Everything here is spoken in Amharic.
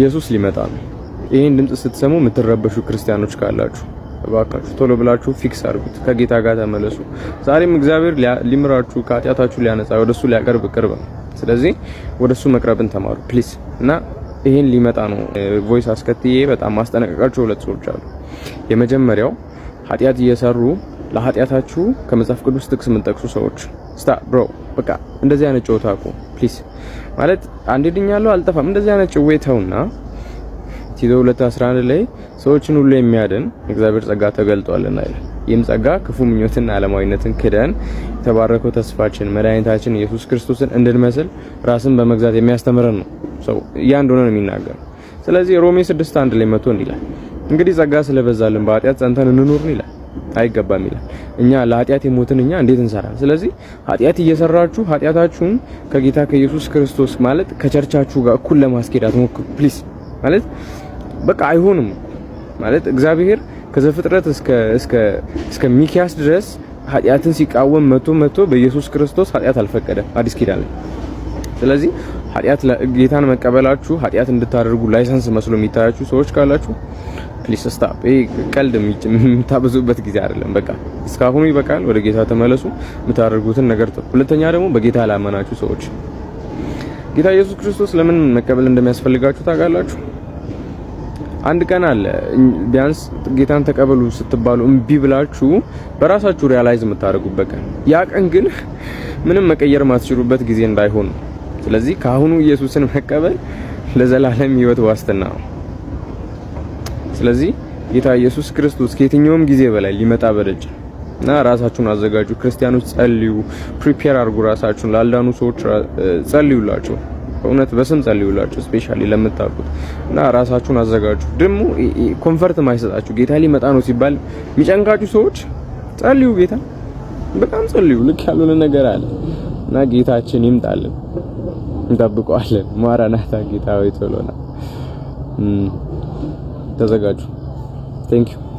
ኢየሱስ ሊመጣ ነው። ይህን ድምፅ ስትሰሙ የምትረበሹ ክርስቲያኖች ካላችሁ እባካችሁ ቶሎ ብላችሁ ፊክስ አድርጉት፣ ከጌታ ጋር ተመለሱ። ዛሬም እግዚአብሔር ሊምራችሁ፣ ከኃጢአታችሁ ሊያነጻ፣ ወደሱ ሊያቀርብ ቅርብ ነው። ስለዚህ ወደሱ መቅረብን ተማሩ ፕሊስ እና ይህን ሊመጣ ነው ቮይስ አስከትዬ በጣም ማስጠነቀቃቸው ሁለት ሰዎች አሉ። የመጀመሪያው ኃጢአት እየሰሩ ለኃጢአታችሁ ከመጽሐፍ ቅዱስ ጥቅስ የምንጠቅሱ ሰዎች ስታ ብሮ በቃ እንደዚህ አይነት ጨዋታ አቁም ፕሊስ ማለት አንድ ድኛለሁ አልጠፋም። እንደዚህ አይነት ጭዌ ተውና ቲቶ 2:11 ላይ ሰዎችን ሁሉ የሚያድን እግዚአብሔር ጸጋ ተገልጧልና አይደል? ይህም ጸጋ ክፉ ምኞትና ዓለማዊነትን ክደን የተባረከው ተስፋችን መድኃኒታችን ኢየሱስ ክርስቶስን እንድንመስል ራስን በመግዛት የሚያስተምረን ነው። ሰው ያ እንደሆነ ነው የሚናገር። ስለዚህ ሮሜ 6:1 ላይ መጥቶ እንዲላል እንግዲህ ጸጋ ስለበዛልን በኃጢአት ጸንተን እንኑርን ይላል። አይገባም ይላል። እኛ ለኃጢአት የሞትን እኛ እንዴት እንሰራ ስለዚህ ኃጢአት እየሰራችሁ ኃጢአታችሁን ከጌታ ከኢየሱስ ክርስቶስ ማለት ከቸርቻችሁ ጋር እኩል ለማስኬድ አትሞክሩ ፕሊስ። ማለት በቃ አይሆንም ማለት እግዚአብሔር ከዘፍጥረት እስከ እስከ እስከ ሚኪያስ ድረስ ኃጢአትን ሲቃወም መቶ መቶ በኢየሱስ ክርስቶስ ኃጢአት አልፈቀደም አዲስ ኪዳን። ስለዚህ ኃጢአት ጌታን መቀበላችሁ ኃጢአት እንድታደርጉ ላይሰንስ መስሎ የሚታያችሁ ሰዎች ካላችሁ ፕሊስ ስታፕ። ይሄ ቀልድ የምታበዙበት ጊዜ አይደለም። በቃ እስካሁኑ ይበቃል። ወደ ጌታ ተመለሱ። የምታደርጉትን ነገር ተው። ሁለተኛ ደግሞ በጌታ ላመናችሁ ሰዎች ጌታ ኢየሱስ ክርስቶስ ለምን መቀበል እንደሚያስፈልጋችሁ ታውቃላችሁ? አንድ ቀን አለ ቢያንስ ጌታን ተቀበሉ ስትባሉ እምቢ ብላችሁ በራሳችሁ ሪያላይዝ የምታደርጉበት ቀን። ያ ቀን ግን ምንም መቀየር ማትችሉበት ጊዜ እንዳይሆን። ስለዚህ ከአሁኑ ኢየሱስን መቀበል ለዘላለም ሕይወት ዋስትና ነው። ስለዚህ ጌታ ኢየሱስ ክርስቶስ ከየትኛውም ጊዜ በላይ ሊመጣ በደጅ እና ራሳችሁን አዘጋጁ። ክርስቲያኖች ጸልዩ፣ ፕሪፔር አድርጉ። ራሳችሁን ላልዳኑ ሰዎች ጸልዩላቸው፣ እውነት በስም ጸልዩላቸው፣ ስፔሻሊ ለምታውቁት እና ራሳችሁን አዘጋጁ። ደግሞ ኮንፈርት ማይሰጣችሁ ጌታ ሊመጣ ነው ሲባል የሚጨንቃችሁ ሰዎች ጸልዩ፣ ጌታ በጣም ጸልዩ። ልክ ያልሆነ ነገር አለ እና ጌታችን ይምጣልን፣ እንጠብቀዋለን። ማራናታ ጌታ ወይ ቶሎ Até já, Thank you.